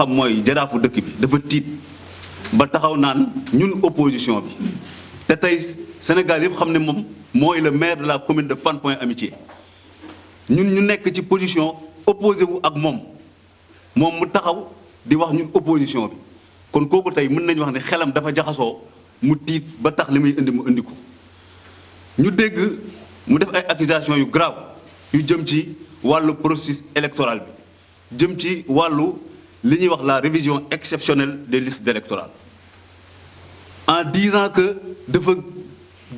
xam mooy jaraafu dëkk bi dafa tiit ba taxaw naan ñun opposition bi te tey Sénégal yëpp xam ne moom mooy le maire de la commune de fan Point Amitié ñun ñu nekk ci position opposé wu ak moom moom mu taxaw di wax ñun opposition bi kon kooku tey mën nañu wax ne xelam dafa jaxasoo mu tiit ba tax li muy indi mu indi ko ñu dégg mu def ay accusations yu grave yu jëm ci wàllu processus électoral bi jëm ci wàllu li la révision exceptionnelle des listes électorales en disant que dafa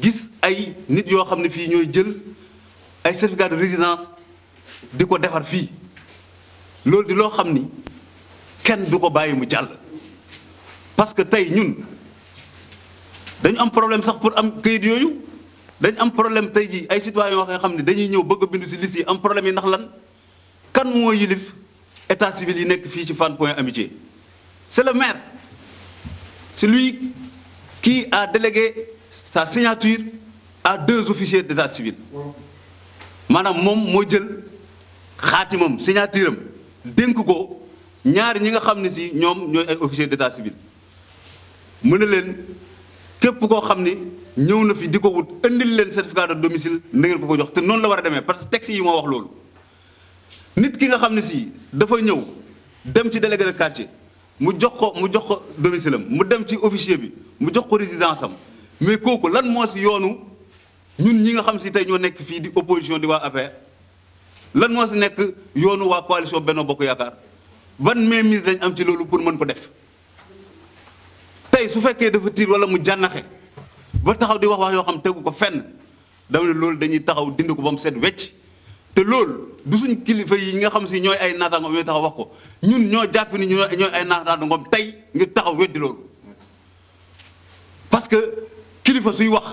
gis ay nit yo xam fi ñoy jël ay certificat de résidence diko défar fi lool di lo xamni kenn du ko mu jall parce que tay ñun dañu am problème sax pour am kayit yoyu dañu am problème tay ji ay citoyens yoo xamni dañuy ñëw bëgg bindu si liste yi am problème yi ndax lan kan mo yilif état civil yi nek fi ci fan Point Amitié c'est le maire celui qui a délégué sa signature à deux officiers d'état civil Madame mom mo jël khatimam signature denk ko ñaar ñi nga xamni ne si ñoom ñooy ay officiers d'état civil mën len leen képp koo xam ñëw na fi diko wut andil len certificat de domicile na ngeen ko ko jox té non la wara démé parce que texte yi mo wax lolu nit ki nga xam ne si dafa ñëw dem ci délégué de quartier mu jox ko mu jox ko domicile am mu dem ci officier bi mu jox ko résidence am mais kooku lan moo si yoonu ñun ñi nga xam si tey ñoo nekk fii di opposition di waa APR lan moo si nekk yoonu waa coalition benn Bokk Yaakaar ban mainmise dañ am ci loolu pour mën ko def tey su fekkee dafa tiir wala mu jànnaxe ba taxaw di wax wax yoo xam tegu ko fenn dama ne loolu dañuy taxaw dindi ko ba mu set wecc te loolu du suñ kilifa yi nga xam si ñooy ay naataangoom ñooy taxaw wax ko ñun ñoo jàpp ni ñu ñooy ay naataangoom tey ngir taxaw weddi loolu parce que kilifa suy wax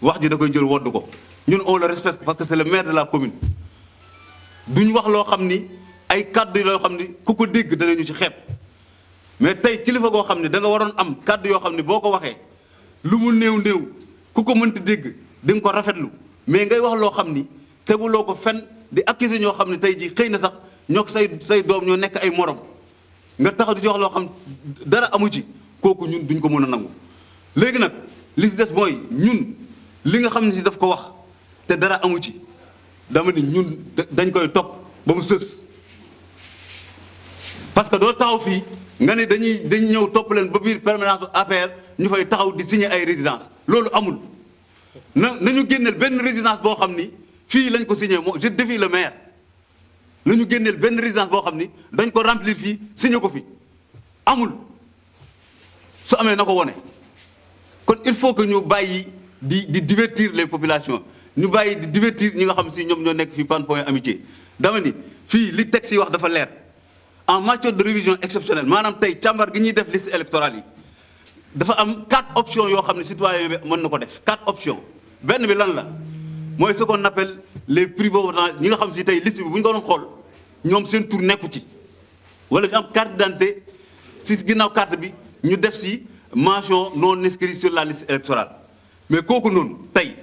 wax ji da koy jël wodd ko ñun on le respect parce que c'est le maire de la commune duñ wax loo xam ni ay kàddu yi loo xam ni ku ko dégg danañu ci xeeb mais tey kilifa goo xam ne da nga waroon am kàddu yoo xam ne boo ko waxee lu mu néew néew ku ko mënti dégg di nga ko rafetlu mais ngay wax loo xam ni. teguloo ko fen di accuser ñoo xam ne tey jii xëy na sax ñoo say say doom ñoo nekk ay morom nga taxaw di ci wax loo xam dara amu ci kooku ñun duñ ko mën a nangu. léegi nag li si des mooy ñun li nga xam ne si daf ko wax te dara amu ci dama ni ñun dañ koy topp ba mu sës parce que doo taxaw fii nga ne dañuy dañuy ñëw topp leen ba biir permanence APR ñu fay taxaw di signer ay résidence loolu amul na nañu génneel benn résidence boo xam ni. fii lañ ko signé je défie le maire Nous ñu ben benn résidence en xam d'un dañ ko remplir fii signé ko fi amul su amee na ko il faut que nous bàyyi di divertir les populations Nous baillons de divertir ñi nga xam si ñoom ñoo nekk fi point amitié dama ni les li texte yi wax dafa en matière de révision exceptionnelle maanaam Tay chambre gi des def liste électorale yi dafa am quatre options yoo xam ne citoyen bi quatre options ben bi lan la moy ce qu'on appelle les primo-votants ñi nga xam si tay liste bi buñ ko doon xol ñom seen tour nekku ci wala ñu am carte d'identité si ginnaw carte bi ñu def ci mention non inscrit sur la liste électorale mais koku non tay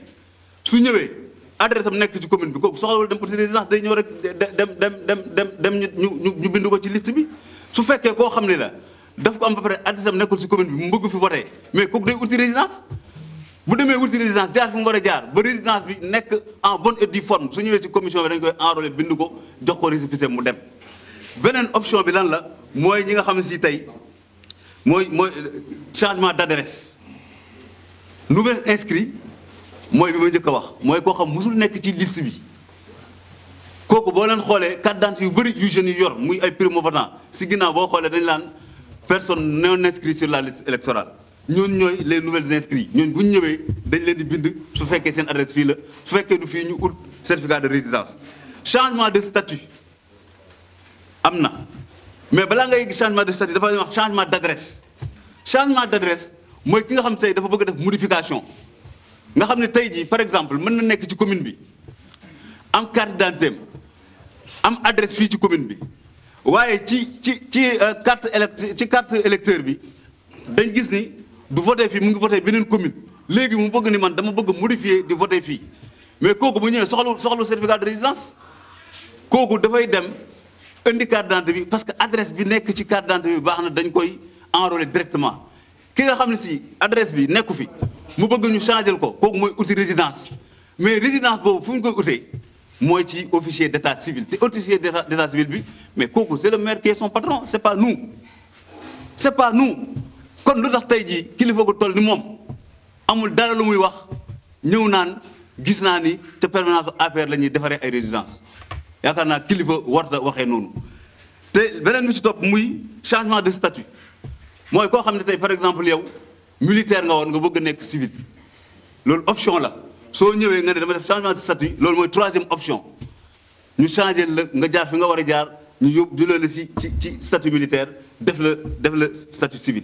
su ñëwé adresse am nekk ci commune bi koku kooku soxlawul dem pour résidence day ñëw rek dem dem dem dem dem ñu ñu ñu bind ko ci liste bi su fekkee koo xam ne la daf ko am ba pare adresse am nekkul si commune bi mu bëgg fi voter mais kooku day uti résidence vous avez une résidence jaar résidence bi en bonne et due forme vous avez une commission bi dañ enrôler jox option bi changement d'adresse nouvel inscrit vous bi ma wax carte si personne non inscrit sur la liste électorale nous sommes les nouvelles inscrits Nous inscrits. adresse inscrits. Nous certificat de résidence changement de statut Amna. mais changement de statut changement d'adresse. changement d'adresse, inscrits. modification nga par exemple je suis dans ci commune carte am adresse commune euh, carte carte électeur du voté fi mu ngi voté beneen commune léegi mu bëgg ni man dama bëgg modifier di voté fi mais koku bu ñëwee sur soxlu certificat de résidence da fay dem indi carte d'identité bi parce que adresse bi nekk ci carte d'identité bi baax na dañ koy enrôler directement ki nga xam si adresse bi nekku fi mu bëgg ñu changer ko kooku mooy uti résidence mais résidence bobu fu ñu koy utee mooy ci officier d'état civil té officier d'état civil bi mais koku c'est le maire qui est son patron c'est pas nous c'est pas nous kon lutax tax tey kilifa ko toll ni moom amul dara lu muy wax ñëw naan gis naa ni te permanence APR la ñuy defaree ay résidence yaakaar naa kilifa warta waxee noonu te beneen bi ci topp muy changement de statut mooy koo xam ne tey par exemple yow militaire nga woon nga bëgg nekk civil loolu option la soo ñëwee nga ne dama def changement de statut loolu mooy troisième option ñu changé la nga jaar fi nga war a jaar ñu yóbbu jëloo la ci ci ci statut militaire def la def la statut civil